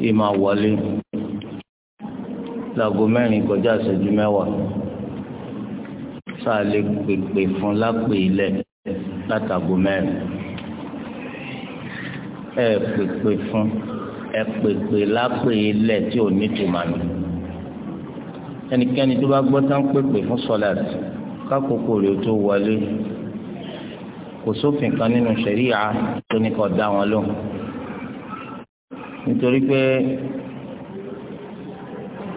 yìí máa wọlé láago mẹ́rin kọjá ìṣẹ́jú mẹ́wàá sáà lè pèpè fún lápè ilẹ̀ látàgò mẹ́rin ẹ pèpè fún ẹ pèpè lápè ilẹ̀ tí ò ní tùmọ̀ nù ẹnikẹ́ni tó bá gbọ́ tán pèpè fún sọ́láàtì kákòókò rẹ̀ tó wọlé kò sófin kan nínú ṣẹ̀ríà tó ní kó dá wọn lóhùn nítorí pé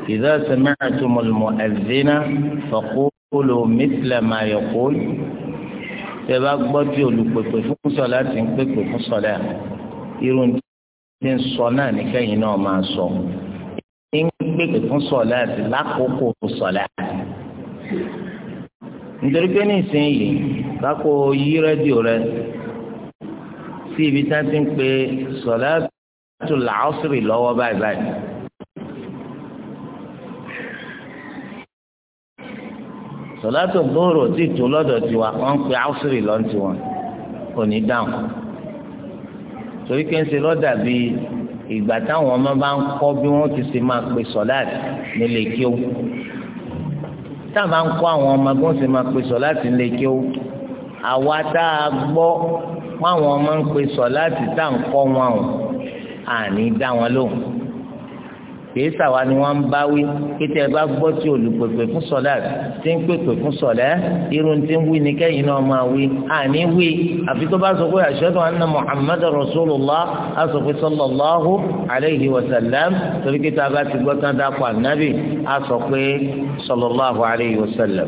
idha sami'tumul mu'adhdhina faqulu mithla ma yaqul tẹ bá gbọ́ tí olùpèpè fún sọlá ti ń pèpè fún sọlá irú ti ń sọ náà níkẹyìn náà máa sọ ń pèpè fún sọlá àti lákòókò sọlá nítorí pé nísìnyìí kákó yí rédíò rẹ sí ibi tá ti ń pe sọlá tó làásìrì lọ́wọ́ báyìí báyìí. sọlátò gbòòrò tí tó lọ́dọ̀ tiwa wọ́n pe áùsìrì lọ́n tiwọn òní dáhùn. torí kéńsì lọ́dà bíi ìgbà táwọn ọmọ bá ń kọ́ bí wọ́n ti ṣe máa pe sọ̀láàtì nílé kíó. táwọn ń kọ́ àwọn ọmọ bí wọ́n ṣe máa pe sọ̀láàtì nílé kíó. àwa tá a gbọ́ páwọn ọmọ ń pe sọ̀láàtì tá à ń kọ́ wọn o àní dá wọn lóhùn kìí sàwa ni wọn ń bá wí kété ẹ bá gbọ́ tí olùpèpè fún sọlá tí ń pèpè fún sọlá irun tí ń wí ni kẹ́yìn náà máa wí àní wí àfi tó bá sọ pé ashhadu anna muhammad rasulullah asọ̀pẹ́ sallallahu alayhi wa sallam torí kété a bá ti gbọ́ tán dápọ̀ ànábì asọ̀pẹ́ sallallahu alayhi wa sallam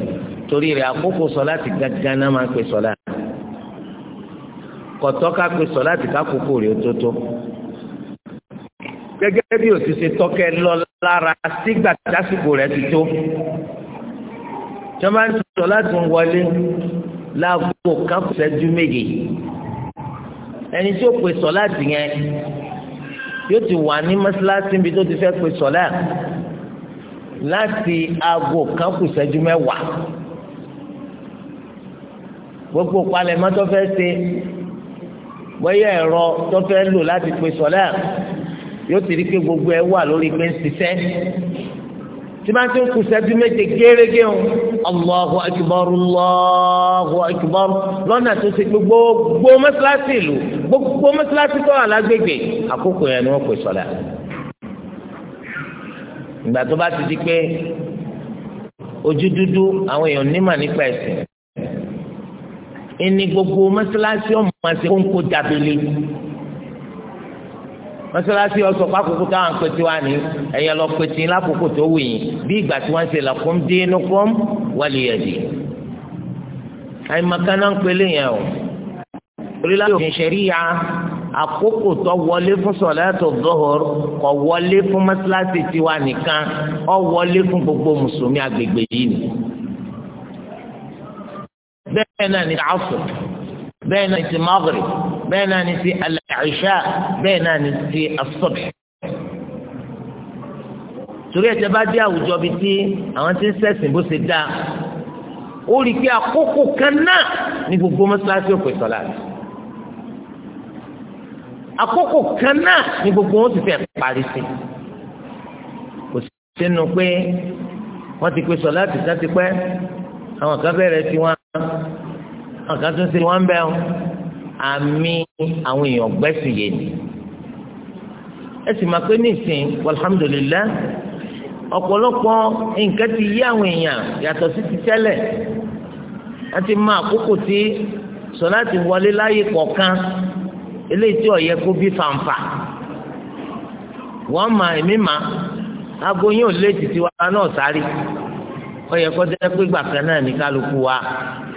torí rẹ̀ àkókò sọlá ti gángan náà máa ń pè sọlá kọ̀tọ́ ká pè sọlá ti ká kókó rẹ̀ ó gẹ́gẹ́ bí òsì ṣe tọ́kẹ́ lọ lára sígbà tásìkò rẹ̀ ti tó. Jọba ń sọ láti ń wọlé láago káfíńsẹ́jú méje. Ẹni tí ó pè sọ láti yẹn yóò ti wà ní mọ́sálásí níbi tó ti fẹ́ pè sọ láà láti aago káfíńsẹ́jú mẹ́wàá. Gbogbo palẹ̀mọ́ tó fẹ́ ṣe bóyá ẹ̀rọ tó fẹ́ lò láti pè sọ láà yóò ti rí pé gbogbo ẹ wà lórí pé ń ṣiṣẹ́ tí bá ti ń kù sẹ́bí méje gérégé ń Allahu Akbar Allahu Akbar lọ́nà tó ṣe pé gbogbo mọ́sálásí ìlú gbogbo mọ́sálásí tó wà lágbègbè àkókò yẹn ni wọ́n pè sọ́lá. ìgbà tó bá ti di pé ojú dúdú àwọn èèyàn nímà nípa ẹ̀sìn ẹni gbogbo mọ́sálásí ọmọ àti kóńkó jábẹ́lẹ́ mọ́sálásí ọ̀sọ̀ pákòkò táwọn pété wá ní ẹ̀yẹ lọ pété lákòókò tó wù yín bí ìgbà tí wọ́n ń ṣe lakum dinukum waliya din. àyìnbákaná ń pelé yẹn o orílẹ̀ òfin ṣẹ̀ríya àkókò tó wọlé fún sọ̀láàtò dọ́hùr kò wọlé fún mọ́sálásí tiwa nìkan ó wọlé fún gbogbo mùsùlùmí agbègbè yìí ni. bẹ́ẹ̀ náà ni ni ti bẹ́ẹ̀ náà ni ti al-isha bẹ́ẹ̀ náà ni ti as-subh torí ẹ̀jẹ̀ bá dé àwùjọ bíi tí àwọn tí ń ṣẹ̀sìn bó ṣe dáa ó rí i pé àkókò kan náà ní gbogbo mọ́ṣáláṣí òpè sọ́lá rẹ̀ àkókò kan náà ní gbogbo wọn ti fẹ́ parí sí kò sínú pé wọ́n ti pè sọ́lá ti sá àwọn kan bẹ̀rẹ̀ tiwọn àwọn kan tún ṣe wọ́n bẹ́ẹ̀ àmì àwọn èèyàn gbẹ́sìn yẹn ni ẹ sì máa pé nísìn alhamdulillah ọ̀pọ̀lọpọ̀ nǹkan ti yí àwọn èèyàn yàtọ̀ sí ti tẹ́lẹ̀ láti mọ àkókò tí sọláàtì wọlé láyé kọ̀ọ̀kan eléyìí tí ó yẹ kó bí fàǹfà wọ́n ma èmi ma aago yín lé títí wa náà sáré ó yẹ jẹ́ pé gbàkan náà ní kálukú wa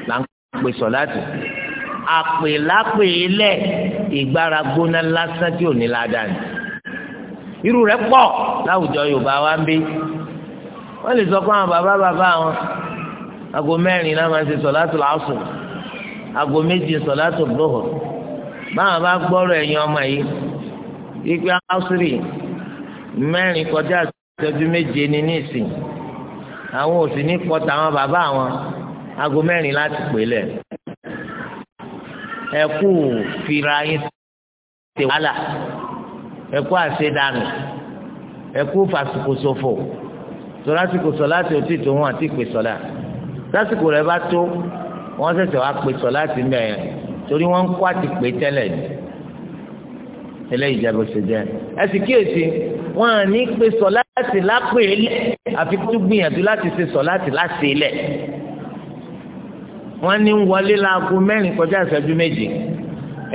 là ń pè sọláàtì àpèlápèélẹ̀ ìgbára gbóná lásán tí ò ní ládàá ni irú rẹ̀ pọ̀ láwùjọ Yorùbá wa ń bí wọ́n lè sọ fún àwọn bàbá bàbá wọn aago mẹ́rin náà máa ń ṣe sọ̀látù làásù aago méjì sọ̀látù gbóhùn báwọn bá gbọ́rọ̀ ẹ̀yin ọmọ yìí wípé áùsírì mẹ́rin kọjá ìṣẹ́jú méje ní nísìn àwọn ò ní pọ̀ tàwọn bàbá wọn aago mẹ́rin láti pè lẹ̀ ẹ kú fira yín ṣe wàhálà ẹ kú àṣedànù ẹ kú fàṣìkò ṣòfò tó lásìkò sọ láti òtí tó wọn àti ìpè sọlá lásìkò rẹ bá tó wọn ṣẹ̀ṣẹ̀ wá pè sọ láti mẹ ẹ torí wọn ń kó àti pè tẹ́lẹ̀ eléyìí jẹ bó jẹ ẹ kíyèsí wọn à ní pè sọ lápè lẹ àfi gbìyànjú láti ṣe sọ láti lẹ wọ́n ní wọlé láago mẹ́rin kọjá ìṣẹ́jú méje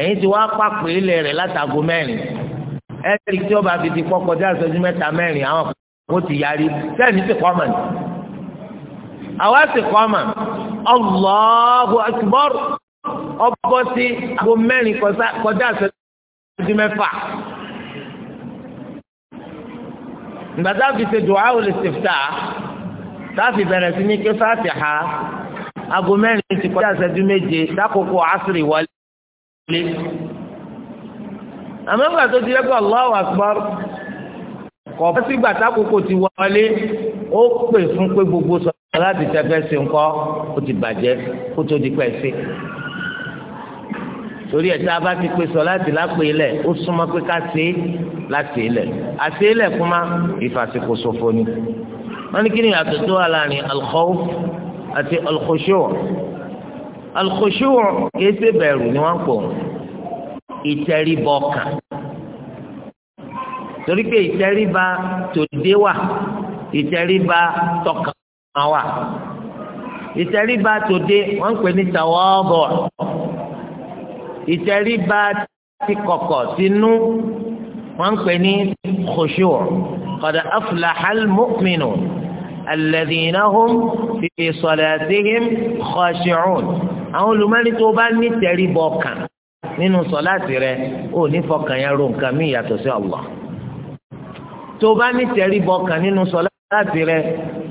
ẹ̀yin ti wá pàpè ilẹ̀ rẹ̀ látago mẹ́rin ẹ̀rí tí ọba fi ti kọ́ kọjá ìṣẹ́jú mẹ́ta mẹ́rin àwọn kò ti yarí sẹ́ni ti kọ́ mọ̀ ní. àwa sì kọ́ mọ̀ Allahu akbar ọbọ̀ sí aago mẹ́rin kọjá ìṣẹ́jú mẹ́fà. ìgbà fi ṣe dùwà olùsèftà tá a fi bẹ̀rẹ̀ sí ní kí Fátíhà aago mẹ́rin ti kọjá ìṣẹ́jú méje lákòókò asiri wọlé. àmọ́ ìgbà tó ti rẹ́pẹ́ Allahu Akbar kọ̀ bá sígbà tákòókò ti wọlé ó pè fún pé gbogbo sọ̀rọ̀ láti tẹ́fẹ́ sí ńkọ́ ó ti bàjẹ́ kó tó di pẹ́ sí torí ẹ̀ tá a bá ti pe sọ láti lápè ilẹ̀ ó súnmọ́ pé ká ṣe é láti ilẹ̀ àti ilẹ̀ kúmá ìfàsìkò ṣòfò ni wọ́n ní kí ni ìyàtọ̀ tó wà láàrin al-khawf àti alkhushu' alkhushu' kìí ṣe bẹ̀rù ni wọ́n ń pò ìtẹríba ọkàn torí pé ìtẹríba tòde wà ìtẹríba tọkàn wà ìtẹríba tòde wọ́n ń pè ní tawadu ìtẹríba ti kọ̀kọ̀ sínú wọ́n ń pè ní khushu' qad aflaha alladhina hum fi salatihim khashi'un àwọn olùmọ́ni tó bá ní tẹríbọ kan nínú sọláàtì rẹ ò ní fọkàn yẹn ro nǹkan mí ìyàtọ̀ sí Allah tó bá ní tẹríbọ kan nínú sọláàtì rẹ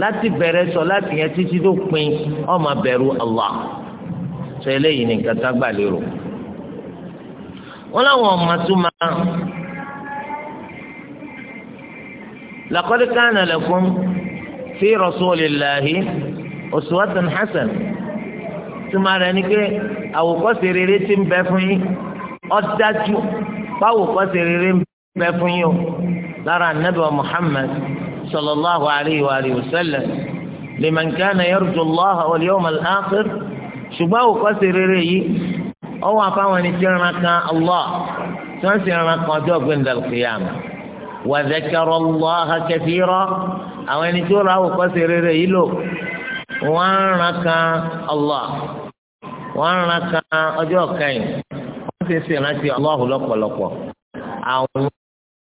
láti bẹ̀rẹ̀ sọláàtì yẹn títí tó pin ó bẹ̀rù Allah sọ eléyìí ní nǹkan gbà lérò wọn làwọn ọmọ tó máa. لقد كان لكم fi rasulillahi uswatun hasan tuma rẹ̀ ni pé àwòkọ́ṣe rere ti ń bẹ fún yín ọ̀dájú báwòkọ́ṣe rere ń bẹ fún yín o lára anabi wa muhammad sallallahu alayhi wa alihi wa sallam liman kana yarju allah wal yawmal akhir ṣùgbọ́n àwòkọ́ṣe rere yìí ọwọ́ afáwọn ẹni tí ìran kan allah tí wọ́n sì ìran kan ọjọ́ gbẹ̀ndàlùkìyàmù wa dhakara allaha kathira àwọn ẹni tí ó ra àwòkọ́ṣe rere yìí lò wọ́n á ran kan Allah wọ́n á ran kan ọjọ́ kẹyìn wọ́n sì ń sìn Allah lọ́pọ̀lọpọ̀ àwọn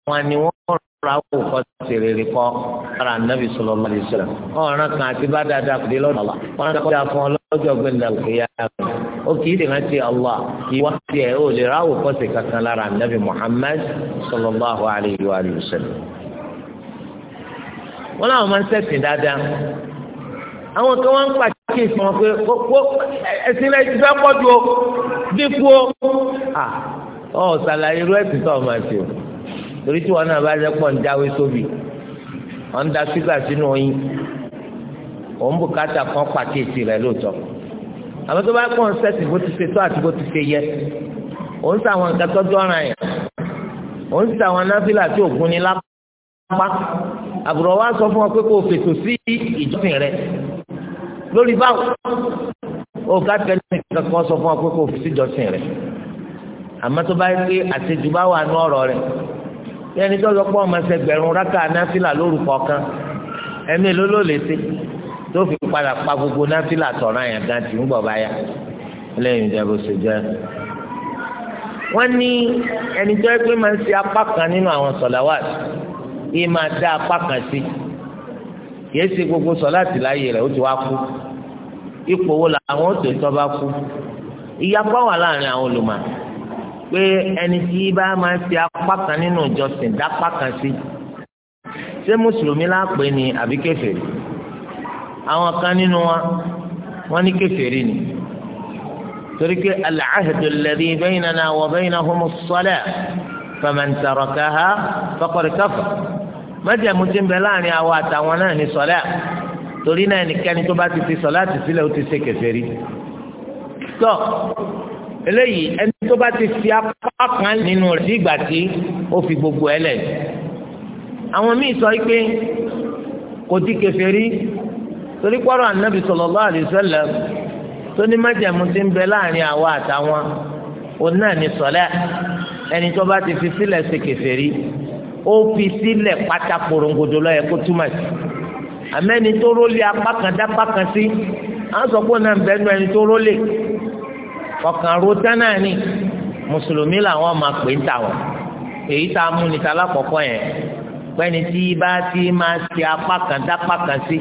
wọn ni wọ́n ra àwòkọ́ṣe rere kọ́ ara nàbì sallallahu alaihi wasallam wọ́n ran kan àti bá dáadáa kùdé lọ́dọ̀ Allah wọ́n ran kan kọjá fún ọlọ́jọ́ gbẹ̀ndà lóya ó kì í dènà ti Allah ìwà tiẹ̀ ó lè ra àwòkọ́ṣe kankan lára nàbì Muhammad sallallahu alaihi wasallam wọn làwọn máa ń ṣẹ̀sìn dáadáa àwọn kan wọn ń pàkíyèsí wọn pé kókó ẹ̀sìn rẹ ti fẹ́ pọ̀ ju o dínkù o ọ ṣàlàyé irú ẹ̀sìn tó ọmọ àti o torí tí wọn náà bá jẹ́ pọ̀ ń dáwé sóbì wọn ń da sígbà sínú oyin òun bùkátà kan pàkíyèsí rẹ lóòótọ́ àwọn tó bá pọ̀ ń ṣẹ̀sìn bó ti ṣe tó àti bó ti ṣe yẹ òun sàwọn nǹkan tó dọ́ràn yẹn òun sàwọn náfìlà tí ògùn pa àbùrọ̀ wa sọ fún ọ pé kó o fètò sí ìjọsìn rẹ lórí báwo òkà tẹlẹ kankan sọ fún ọ pé kó o fi sí ìjọsìn rẹ àmọ́ tó bá yẹ pé àtẹjù bá wà ní ọ̀rọ̀ rẹ yẹni tó sọ pé ọmọ ẹsẹ gbẹ̀rún rákà náfìlà lórúkọ kan ẹmí ló ló lè ṣe tó fi padà pa gbogbo náfìlà tọ̀rọ̀ àyàn gan tì ń gbọ̀ báyà lẹ́yìn ìjẹ́bù ṣe jẹ́ wọ́n ní ẹni tó yẹ pé máa ń ṣe apá kan nínú àwọn sọ̀làwàtì yìí máa dá apá kan sí kìí ṣe gbogbo sọ láti láàyè rẹ̀ ó ti wá kú ipò wo làwọn ó tó ń tọ́ba kú ìyapa wà láàrin àwọn olùmọ̀ pé ẹni tí bá máa ṣe apá kan nínú ìjọsìn dápá kan sí ṣé mùsùlùmí láàpẹ ni àbí kèfèrí àwọn kan nínú wa wọ́n ní kèfèrí ni torí pé al-ahdu alladhi baynana wa baynahum as-salah faman tarakaha faqad kafara májẹ̀mú tí ń bẹ láàrin àwọn àtàwọn náà ní sọlá torí náà ẹnikẹ́ni tó bá ti fi sọlá ti sílẹ̀ ó ti ṣe kèfèrí tọ́ eléyìí ẹni tó bá ti fi apá kan nínú rẹ̀ sí ìgbà tí ó fi gbogbo ẹ lẹ̀ àwọn míì sọ pé kò ti kèfèrí torí pọ́rọ̀ ànábì sallallahu alaihi wasallam tó ní májẹ̀mú ti ń bẹ láàrin àwa àtàwọn òun náà ní sọlá ẹni ó fi sílẹ̀ pátá korongodo lọ́yẹ kó túmọ̀ sí àmẹ́ni tó rólé apá kan sí à sọ pé ni mùsùlùmí làwọn máa pè ń tà wọ́n èyí tá a mú níta lákọ̀ọ́kọ́ yẹn pẹ́ni tí bá ti máa ṣe apá kan sí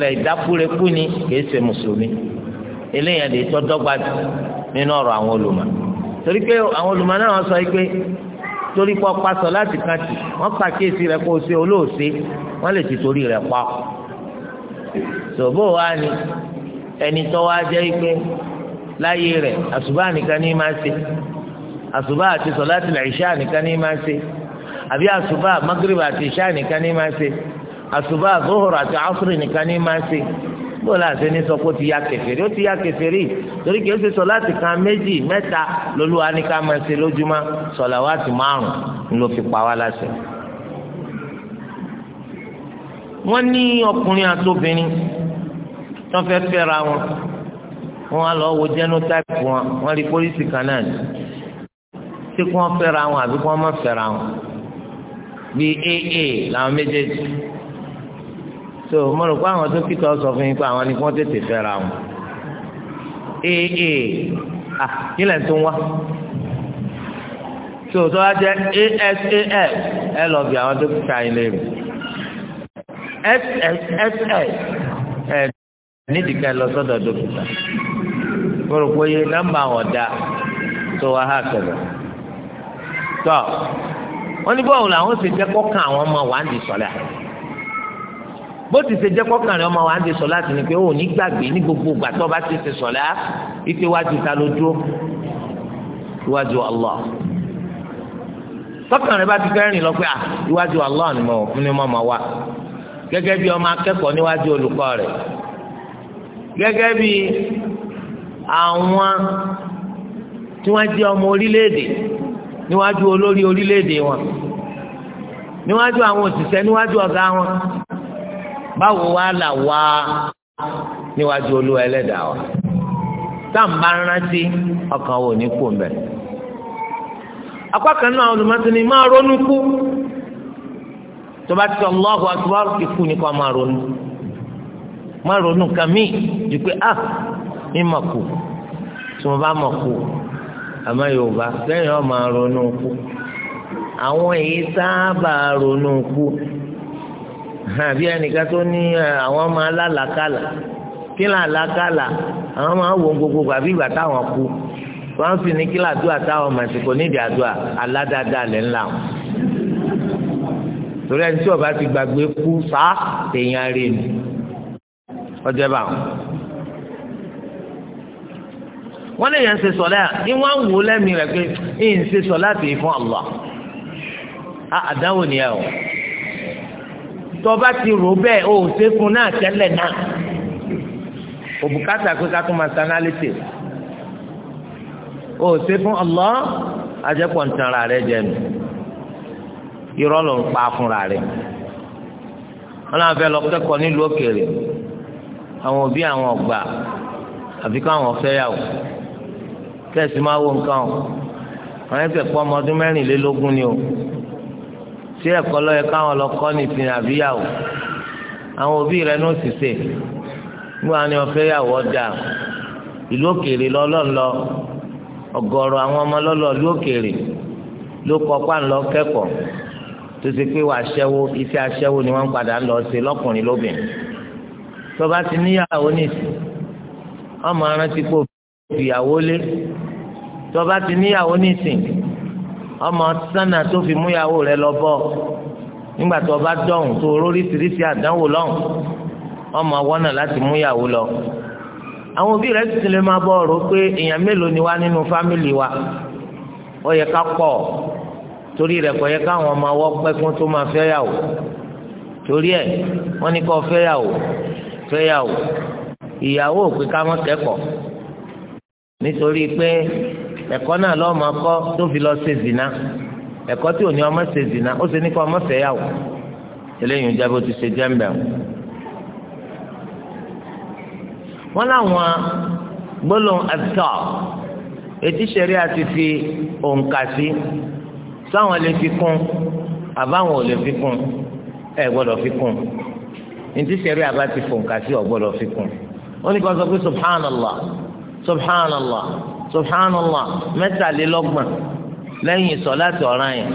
rẹ̀ ìdákúrekú ni kì í ṣe mùsùlùmí eléyàn lè torí pọ pasọ láti kan tì wọn pàkíyèsí rẹ kó o ṣe olóòṣe wọn lè ti torí rẹ pa ṣòbó wa ni ẹni tó wá jẹ́ pé láyé rẹ̀ àṣùbà nìkan ní máa ṣe àṣùbà àti sọ̀láàtì ìṣá nìkan ní máa ṣe àbí àṣùbà magrib àti ìṣá nìkan ní máa ṣe àṣùbà zuhur àti asr nìkan ní máa ṣe bó la ṣe ní sọ pé ó ti ya kèfèrí ó ti ya kèfèrí torí kìí ṣe sọláàtì kan méjì mẹ́ta lolúwa ní ká máa ṣe lójúmọ́ sọláwàtì márùn ún ló fi pa wá láṣẹ. wọ́n ní ọkùnrin àtòbìnrin tó fẹ́ fẹ́ra wọn wọ́n á lọ wo genotype wọn wọ́n rí pólísì kan náà ní tí wọ́n fẹ́ra wọn àbí wọ́n má fẹ́ra wọn bíi aa làwọn méjèèjì. so mo rò pé àwọn dókítà sọ fún yín pé àwọn ni wọ́n tètè fẹ́ra wọn ee ee tó wá so tó wá asaf ẹ lọ bí àwọn yín ẹ nídìí ká lọ dókítà mo rò pé wọn tó wá hà ní bọ́ọ̀lù àwọn sì jẹ́ àwọn ọmọ bó ti ṣe jẹ́ kọ́kànlẹ́ ọmọ wa ń ti sọ láti ní pé ó ní gbàgbé ní gbogbo ìgbà tó bá ti ṣe sọ̀lá ike wájú ta ló iwájú Allah tọkànlẹ́ bá ti fẹ́ rìn lọ pé ah, iwájú Allah ni mo ni mo mọ̀ wá gẹ́gẹ́ bí ọmọ akẹ́kọ̀ọ́ níwájú olùkọ́ rẹ̀ gẹ́gẹ́ bí àwọn tí wọ́n jẹ́ ọmọ orílẹ̀-èdè níwájú olórí orílẹ̀-èdè wọn níwájú àwọn òṣìṣẹ́ níwájú ọ̀gá wọn báwo wá là wá níwájú olúwa ẹlẹ́dàá wa sáǹbà rántí ọkàn wò ní kú mbẹ. apá kan náà olùmọ̀tòní máa ronú kú tó bá ti sọ Allahu Akbar ikú ni kò máa ronú máa ronú kàmí ju pé ah mi mà kú tí mo bá mà kú àmọ́ Yorùbá lẹ́yìn ọ̀ máa ronú kú àwọn èyí sábà ronú kú hàn bí ẹnìkan tó ní àwọn ọmọ alálàkàlà kílà alákàlà àwọn ọmọ àwọn gbogbo àbí ìgbà táwọn kú wọn sì ní kílà àdúrà táwọn màsìkò nídìí àdúrà aládàáda lẹ ńlá wọn. torí ẹni tí ọba ti gbàgbé kú sá èèyàn rè ni ọjọ́ bá wọn. wọ́n lè yẹn ṣe sọ̀lá ní wọ́n ń wò lẹ́mìí rẹ̀ pé ń ṣe sọ̀lá tì í fún Allah àdáwò nìyẹn o tọba ti rò bẹ́ẹ̀ o ò ṣe fún náà tẹ́lẹ̀ náà òbúkátà pé ká tún máa sanálítì o ò ṣe fún ọlọ́ ajẹ́pọ̀ ń tanra rẹ jẹ nù irọ́ ló ń pa fúnra rẹ wọn náà fẹ́ lọ kẹ́kọ̀ọ́ nílùú òkèèrè àwọn òbí àwọn ọ̀gbà àfi káwọn fẹ́yàwó kẹ́sì máa wo nǹkan o àwọn ẹgbẹ́ pọ́ ọmọ ọdún mẹ́rìnlélógún ni o sí ẹ̀kọ́ lọ́yẹ káwọn lọ kọ́ nìsín àbíyàwó àwọn òbí rẹ ní òṣìṣẹ́ nígbà ni wọn fẹ́ yàwó ọjà ìlú òkèèrè lọ́lọ́ọ̀lọ́ ọ̀gọ̀rọ̀ àwọn ọmọ lọ́lọ́ ìlú òkèèrè ló kọ́ pàǹlọ́ kẹ́kọ̀ọ́ tó ṣe pé wàá ṣẹ́wó iṣẹ́ aṣẹ́wó ni wọ́n padà ń lọ ṣe lọ́kùnrin lóbìnrin tó bá ti níyàwó nìsín ọmọ arántí kò fìyàwó lé tó bá ti níyàwó nìsín ọmọ sánà tó fi múyàwó rẹ lọ bọ nígbà tó bá dọ̀hùn tó oríṣiríṣi àdánwò lọ́hùn ọmọ wọ́nà láti múyàwó lọ àwọn òbí rẹ sì ti lè máa bọ̀ ọ̀rọ̀ pé èèyàn mélòó ni wá nínú fámìlì wa ó yẹ ká pọ̀ torí rẹ̀ kò yẹ káwọn ọmọ ọwọ́ pẹ́ fún tó máa fẹ́ yàwó torí ẹ̀ wọ́n ní kó fẹ́ yàwó fẹ́ yàwó ìyàwó òpin ká mọ́ kẹ́kọ̀ọ́ nítorí pé ẹ̀kọ́ náà lọ́ọ́ máa kọ́ tó fi lọ ṣe zina ẹ̀kọ́ tí ò ní ọmọ ṣe zina ó ṣe nípa ọmọ fẹ́ yà wò eléyìí ń jábọ̀ ti ṣe jẹ́mbẹ̀ o. wọ́n láwọn gbólóhùn ẹ̀tọ́ etí ṣẹ̀rí àti fi òǹkà sí sáwọn lè fi kún àbáwọn ò lè fi kún ẹ gbọ́dọ̀ fi kún etí ṣẹ̀rí àbá ti fòǹkà sí ọ̀ gbọ́dọ̀ fi kún ó ní kó sọ pé subhanallah subhanallah subhanallah mẹ́tàlélọ́gbọ̀n lẹ́yìn sọ̀láàtì ọ̀ràn yẹn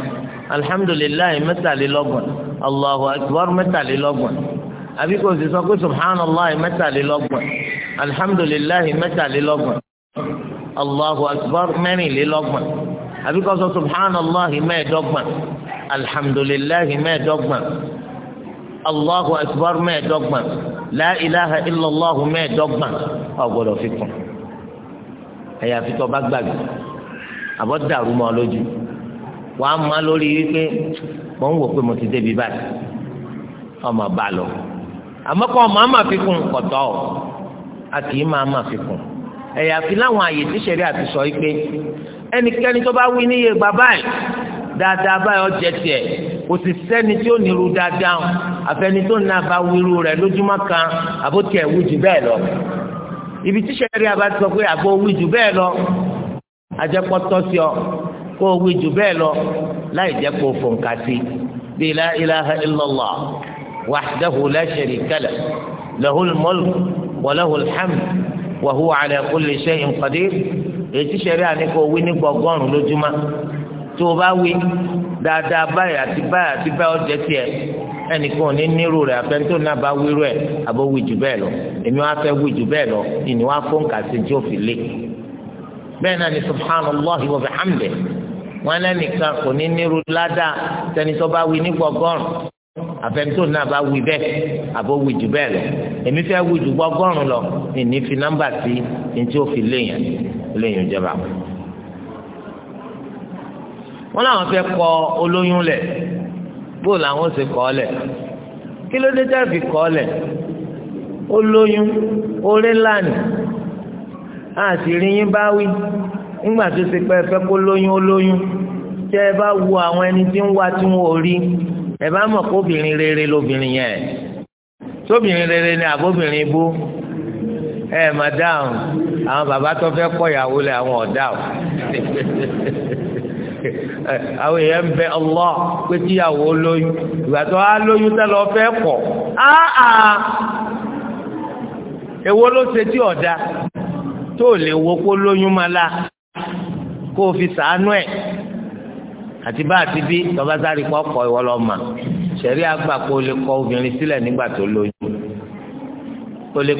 alhamdulilayi mẹ́tàlélọ́gbọ̀n allahu akbar mẹ́tàlélọ́gbọ̀n àbí kò sì sọ pé subhanallah mẹ́tàlélọ́gbọ̀n alhamdulilayi mẹ́tàlélọ́gbọ̀n allahu akbar mẹ́rìnlélọ́gbọ̀n àbí kò sọ subhanallah mẹ́ẹ̀dọ́gbọ̀n alhamdulilayi mẹ́ẹ̀dọ́gbọ̀n allahu akbar mẹ́ẹ̀dọ́gbọ̀n la ilaha illallah mẹ́ẹ̀dọ́gbọ̀n ọ̀gbọ́dọ̀ fi kún àyàfi tó bá gbàgbé àbọ̀ dàrú mọ́ lójú wàá má lórí wípé mò ń wò pé mo ti débi báyìí ọmọ bá lọ àmọ́ kọ́ ọmọ àmà fi kún kọ̀tọ́ ọ a kì í máa má fi kún ẹ̀yà fi láwọn àyè tí sẹ̀rí àti sọ yìí pé ẹnikẹ́ni tó bá wí níye gba báyìí dáadáa báyìí ọjẹ́ tiẹ̀ kò sì sẹ́ni tí ó nírú dáadáa àfẹni tó nà bá wíru rẹ̀ lójúmọ́ kan àbótiẹ̀ wú jù lọ ibi tí sẹ́rí abá ti sọ pé àgbo wí jù bẹ́ẹ̀ lọ ajẹ́pọ̀tọ́ sí ọ kó o wí jù bẹ́ẹ̀ lọ láì jẹ́ kó o fònkà sí bí la ilaha illallah wahdahu la sharika lah lahul mulk wa lahul hamd wa huwa ala kulli shay'in qadir èyí tí sẹ́rí àní kó o ní gbọ̀gọ́rùn lójúmọ́ tó o bá wí dáadáa báyìí àti báyìí àti báyìí ọjọ́ ẹnìkan ò ní nírú rẹ̀ àfẹnitó náà bá wíru ẹ̀ àbó wí jù bẹ́ẹ̀ lọ èmi wá fẹ́ wí jù bẹ́ẹ̀ lọ ìní wá fún kàṣí tí ó fi lé bẹ́ẹ̀ náà ni subhanallahi wa bihamdihi wọn lẹ́nìkan kò ní nírú ládàá tẹnitọ́ bá wí ní gbọ̀gọ́rùn àfẹnitó náà bá wí bẹ́ẹ̀ àbó wí jù bẹ́ẹ̀ lọ èmi fẹ́ wí jù gbọ̀gọ́rùn lọ ìní fi nọ́mbà sí ní tí ó fi léèyàn léèyàn jẹba wọn làwọn fẹ́ kọ olóyún lẹ̀ bó làwọn ṣe kọ́ ọ lẹ̀ kí ló dé tá fi kọ́ ọ lẹ̀ ó lóyún orí ńlá nì àti rí yín bá wí nígbà tó ṣe pé ẹ fẹ́ kó lóyún ó lóyún tẹ́ ẹ bá wo àwọn ẹni tí ń wá tí wọn ò rí ẹ bá mọ̀ kó obìnrin rere lóbìnrin yẹn tóbìnrin rere ni àbóbìnrin bú ẹ mà dáhùn àwọn bàbá tó fẹ́ kọ́ ìyàwó lẹ̀ àwọn ọ̀dà o àwọn èèyàn ń bẹ Allah pé wo lóyún ìgbà á lóyún tẹ́ lọ pọ̀ áà èwo ló wo kó lóyún la kó fi sàánú ẹ̀ àti bá àti bí tọ́ba sáré kọ́ kọ́ ìwọ lọ mà ṣẹ̀rí àgbà kó lè kọ obìnrin sílẹ̀ nígbà tó lóyún lè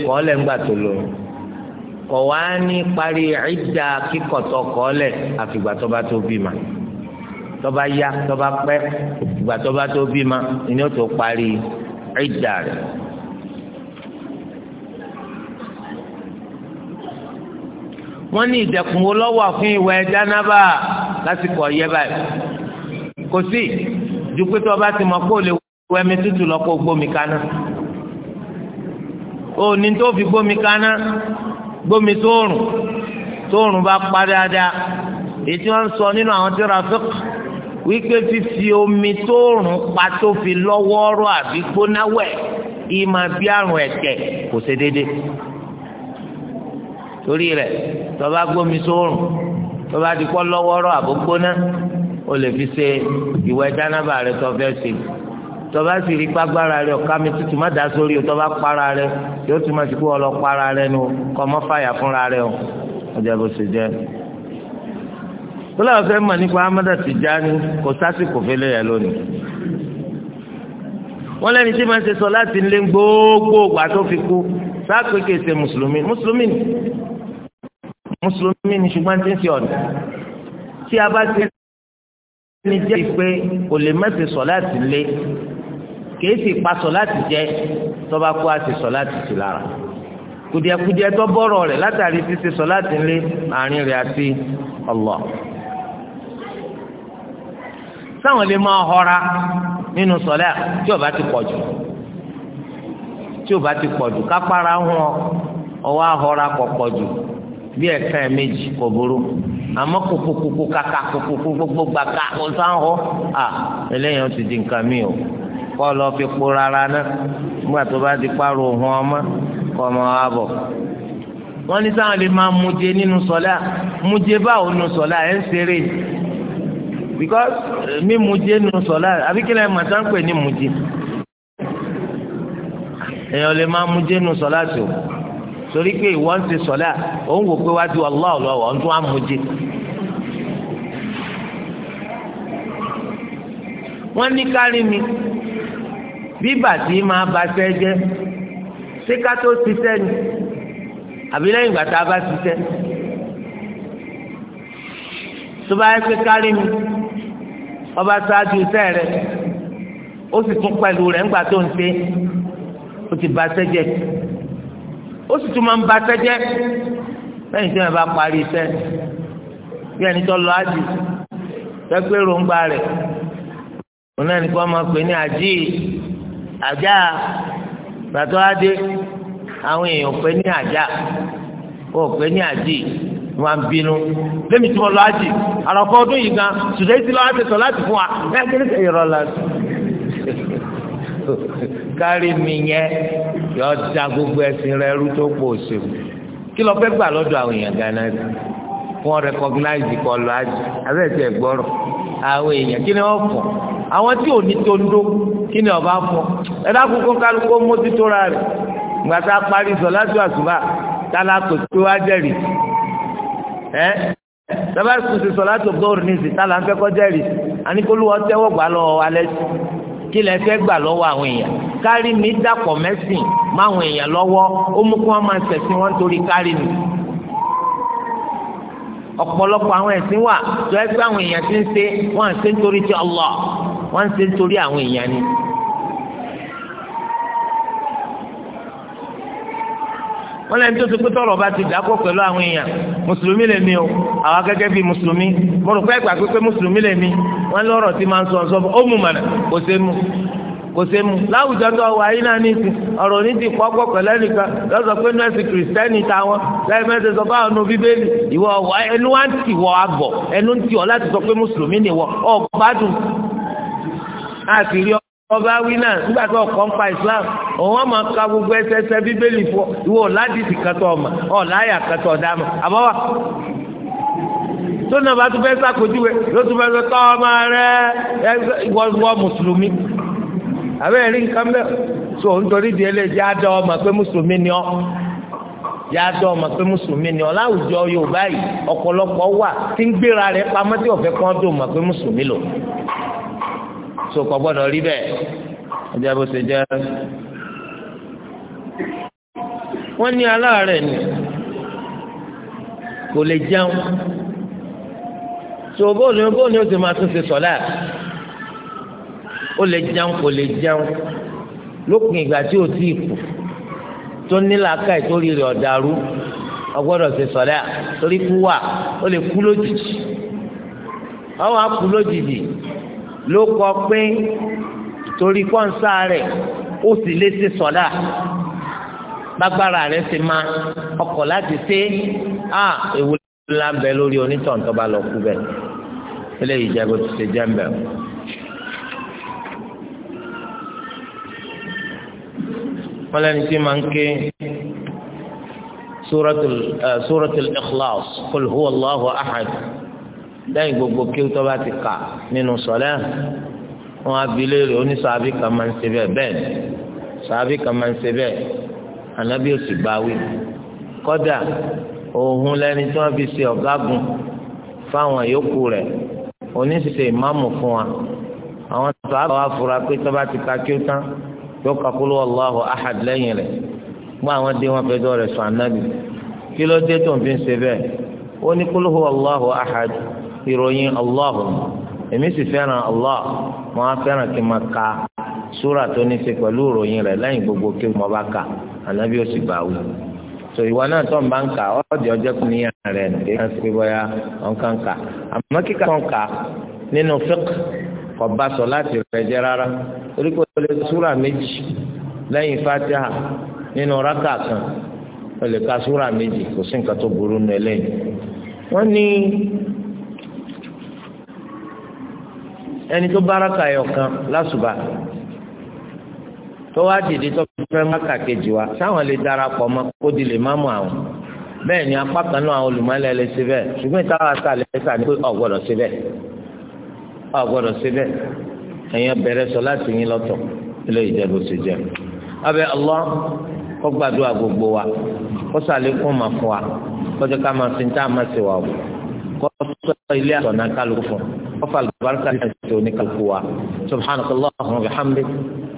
kọ̀ wá ní parí ìdá kíkọ̀ tó kọ́ lẹ̀ àfìgbà tó bá tó bímọ tó bá yá tó bá pẹ́ ìgbà tó bá tó bímọ ni ó tó parí ìdá rẹ̀. wọ́n ní ìdẹ̀kùn wo lọ́wọ́ fún ìwẹ̀ jánábà lásìkò ọ̀yẹ́ báyìí kò sí ju pé tó ti mọ̀ kó lè wẹ̀ mi tútù lọ gbómi kaná o ní tó fi gbómi kaná gbómi tóòrùn tóòrùn bá pa dáadáa èyí tí wọ́n ń sọ nínú àwọn tí rafik wípé fífi omi tóòrùn pa tó fi lọ́wọ́ọ́rọ́ àbí gbóná wẹ̀ ìmọ̀ bí àrùn ẹ̀kẹ́ kò ṣe déédéé torí rẹ̀ tó bá gbómi tóòrùn tó bá ti àbó gbóná o lè fi ṣe ìwẹ̀ jánábà rẹ̀ tó fẹ́ tọba sì rí pàgbára rẹ ọ̀ká mi tútù má dá sórí o tọba para rẹ yóò túmọ̀ sí pé ọlọ para rẹ nu kọ́ mọ́ fàyà fúnra rẹ o ọjà bó ṣe jẹ́. ó láwọn fẹ́ mọ̀ nípa Amada Tijani kò sásìkò fẹ́lẹ́ yẹn lónìí. wọ́n lẹ́ni tí máa ń ṣe sọ láti lé gbogbo ìgbà tó fi kú sáà pé kì í ṣe mùsùlùmí mùsùlùmí ni mùsùlùmí ni ṣùgbọ́n ti ń ṣe ọ̀nà tí a bá ti ní jẹ́ ìpè kò lè mẹ́sẹ̀ sọ láti lé kìí sì pa sọláàtì jẹ tọba kó a sì sọláàtì sí lára kùdìẹ̀kùdìẹ̀ tó bọ́rọ̀ rẹ̀ látàrí ṣíṣe sọláàtì ńlé àárín rẹ̀ àti Allah sáwọn lè máa họra nínú sọlá tí ó bá ti pọ̀ jù tí ó bá ti pọ̀ jù kápára ń hàn ọwọ́ ahọ́ra kọ̀ pọ̀ jù bí ẹ̀ka ẹ̀ méjì kò burú àmọ́ kòkòkòkò kàkà kòkòkòkò gbàgbà ọ̀sán họ́ à eléyìí ti di nǹkan mi o. kọ́ lọ fi po rárá náà nígbà tó bá ti pààrọ̀ òhun ọmọ kọ́ ọmọ wa bọ̀. wọ́n ní sáwọn lè máa muje nínú sọ́lá muje báwo nínú sọ́lá ẹ̀ ń ṣeré because mi eh, muje nínú sọ́lá àbí kí lẹ́yìn màtá ń pè ní muje èèyàn lè máa muje nínú sọ́lá tó torí pé ìwọ ń ṣe sọ́lá òun wò pé wájú ọlọ́ọ̀ lọ́wọ́ ń tún á muje. wọ́n ní kárí bíbà tí máa ba sẹ́ jẹ́ ṣé ká tó ṣiṣẹ́ ni àbí lẹ́yìn ìgbà tá a bá ṣiṣẹ́ tó bá yẹ pé kárí mi ọba ṣáájú iṣẹ́ rẹ̀ ó sì tún pẹ̀lú rẹ̀ ńgbà tó ń ṣe ó ti ba sẹ́ jẹ́ ó sì tún máa ń ba sẹ́ jẹ́ lẹ́yìn tí wọ́n bá parí iṣẹ́ bí ẹni tó lọ ájì fẹ́ pé ròǹgbà rẹ̀ òun náà ní kí wọ́n máa pè ní àjíì àjà gbàtọ adé àwọn èèyàn pé ní àjà ó pé ní àjì wọn ń bínú lẹ́mi tí mo lọ àjì àlọ́kọ́ ọdún yìí gan ṣùgbọ́n èyí lọ́wọ́ àti sọ láti fún wa ẹ kí ni kò yọrọ la kárí mi yẹn yọ da gbogbo ẹsìn rẹ rú tó pọ̀ òṣèlú kí lọ fẹ́ gbà lọ́dọ̀ àwọn èèyàn gan náà wọn recognize kọ lọ àjì abẹ́ẹ̀tì ẹ̀gbọ́rọ̀ àwọn èèyàn kí ni wọ́n fọ̀ àwọn tí ò ní tó ń dó kí ni ọba fọ̀ ẹ̀dá kúkú kálukú mójútó ra rẹ̀ gbàtà parí sọ̀láṣù àṣùbà tálá kò tó wá jẹ́rìí ẹ́ sábà kùsì sọ̀láṣù gbọ́ọ̀rù ní ìsìn tálá ń fẹ́ kọ́ jẹ́rìí àníkólúwọ́ tẹ́wọ́ gbà lọ́wọ́ alẹ́ kí lẹ fẹ́ gbà lọ́wọ́ àwọn èèyàn kárí mi dàpọ̀ mẹ́sìn máwọn èèyàn lọ́wọ́ ó mú kí wọ́n máa ṣẹ̀sìn wọn torí kárí mi ọ̀pọ̀lọpọ̀ àwọn ẹ̀sìn wà tó ẹgbẹ́ àwọn èèyàn ti ń ṣe wọ́n ń ṣe nítorí ti Allah wọ́n ń ṣe nítorí àwọn èèyàn ni wọn lẹni tó ti pé tọrọ bá ti dàpọ̀ pẹ̀lú àwọn èèyàn mùsùlùmí lèmi o àwọn gẹ́gẹ́ bíi mùsùlùmí mo rò pé ẹgbà pípé mùsùlùmí lèmi wọn lọ́rọ̀ tí máa ń sọ ọ sọfọ ó mú mànà kò sé mu kò sé mu láwùjọ tó wà yín náà ní ìsìn ọ̀rọ̀ ní ti pọpọ pẹ̀lú ẹnìkan lọsọ pé nọọsì kìrìsìtẹ́nì táwọn lẹ́yìn mẹsẹ sọ báwọn nu bíbélì ìwọ ẹnu wa ń tì wọ àgọ ẹnu ń tì ọ láti sọ pé mùsùlùmí ni wọ ọ gbádùn àti rí ọba wí náà nígbà tó ọkọ ń pa islam òun wọn máa ka gbogbo ẹsẹ ẹsẹ bíbélì fọ ìwọ ọ̀làdìsì kẹtọ ọmọ ọ̀làyà kẹtọ ọ̀dàmọ àbọ̀wà tó náà bá tún fẹ́ sàkójúwe ló tún fẹ́ sọ tọ́ ọmọ rẹ ìwọ mùsùlùmí àbẹ́ rí nǹkan bẹ́ẹ̀ tó nítorí di ẹlẹ́jẹ̀ á dọ́ ọmọ pé mùsùlùmí ni ọ́ yà á dọ́ ọmọ pé mùsùlùmí ni ọ́ láwùjọ Yorùbá yìí ọ̀pọ̀lọpọ̀ wà tí ń gbéra rẹ̀ pamọ́ tí ọ̀fẹ́ kan dùn mọ̀ pé mùsùlùmí lò so kò gbọ́dọ̀ rí bẹ́ẹ̀ ọjà bó ṣe jẹ́. wọ́n ní aláàárẹ̀ ni kò lè jẹun so bóòlù bóòlù ó ti máa tún ṣe sọ̀lá ó lè jẹun kò lè jẹun lópin ìgbà tí o ti kù tó nílà ká ìtòrí rẹ̀ ọ̀dàrú ọgbọ́dọ̀ ṣe sọ̀lá torí kú wà ó lè kú lójijì ọwọ́ á kú lójijì ló kọ pé torí pọ́ńsá rẹ̀ ó sì lè ṣe sọ̀dá lágbára rẹ̀ ti máa ọkọ̀ láti ṣe à ewu ńlá ń bẹ lórí onítàn tó bá lọ kú bẹ́ẹ̀ eléyìí jẹ́ bó ti ṣe jẹ́ ń bẹ̀rù. wọ́n lẹ́ni tí máa ń ké suratul eh, ikhlas qul huwa Allahu ahad lẹ́yìn gbogbo kí ó tọ́ba ti kà nínú sọ̀lẹ́ wọn abilérè oníṣàbí kan máa ń ṣe bẹ́ẹ̀ bẹ́ẹ̀ ni ṣàbí kan máa ń ṣe bẹ́ẹ̀ ànábì òsì báwí kọ́dà òun lẹ́ni tí wọ́n fi ṣe ọ̀gágun fáwọn yòókù rẹ̀ oníṣìṣe ìmáàmù fún wa àwọn sàbà wa fura pé tọ́ba ti ka kí ó tán yóò kakúlú Allahu ahad lẹ́yìn rẹ̀ gbọ́ àwọn dé wọn fẹjọ́ rẹ̀ sọ ànábì kí ló dé tó ń fi ṣe bẹ́ẹ̀ ó ní Allahu ahad. ìròyìn allah èmi sì fẹ́ràn fere mo á fẹ́ràn kí n máa ka súrà tó ní ṣe pẹ̀lú ìròyìn rẹ̀ lẹ́yìn gbogbo kí mo bá kà ànábì ó sì bá wù so ìwà náà tó ń bá ń kà ọ́ọ́dì ọjọ́ kù níyà rẹ̀ nìké kan sí bóyá ọ̀n kan kà àmọ́ kíkà kà nínú kò bá sọ láti ka súrà méjì kò sí ẹni tó báraka kan lásùbà tó wá dìde tó fẹ́ máka kejì wa sáwọn lè darapọ̀ mọ́ kó di lè má àwọn bẹ́ẹ̀ ni apá kan náà àwọn olùmọ̀lẹ́ lè ṣe bẹ́ẹ̀ ṣùgbọ́n ìtawà sàlẹ̀ ẹ̀sà ni pé ṣe bẹ́ẹ̀ ṣe bẹ́ẹ̀ ẹ̀yin bẹ̀rẹ̀ sọ láti yín gbogbo wa kó sàlékún mà fún wa kó jẹ́ ká máa tá a máa وفعل ببركة ونكل قوة سبحانك اللهم وبحمدك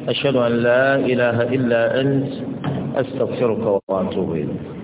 أشهد أن لا إله إلا أنت أستغفرك وأتوب إليك